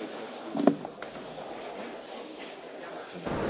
Thank you.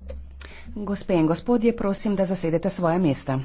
Gospe in gospodje, prosim, da zasedete svoje mesta.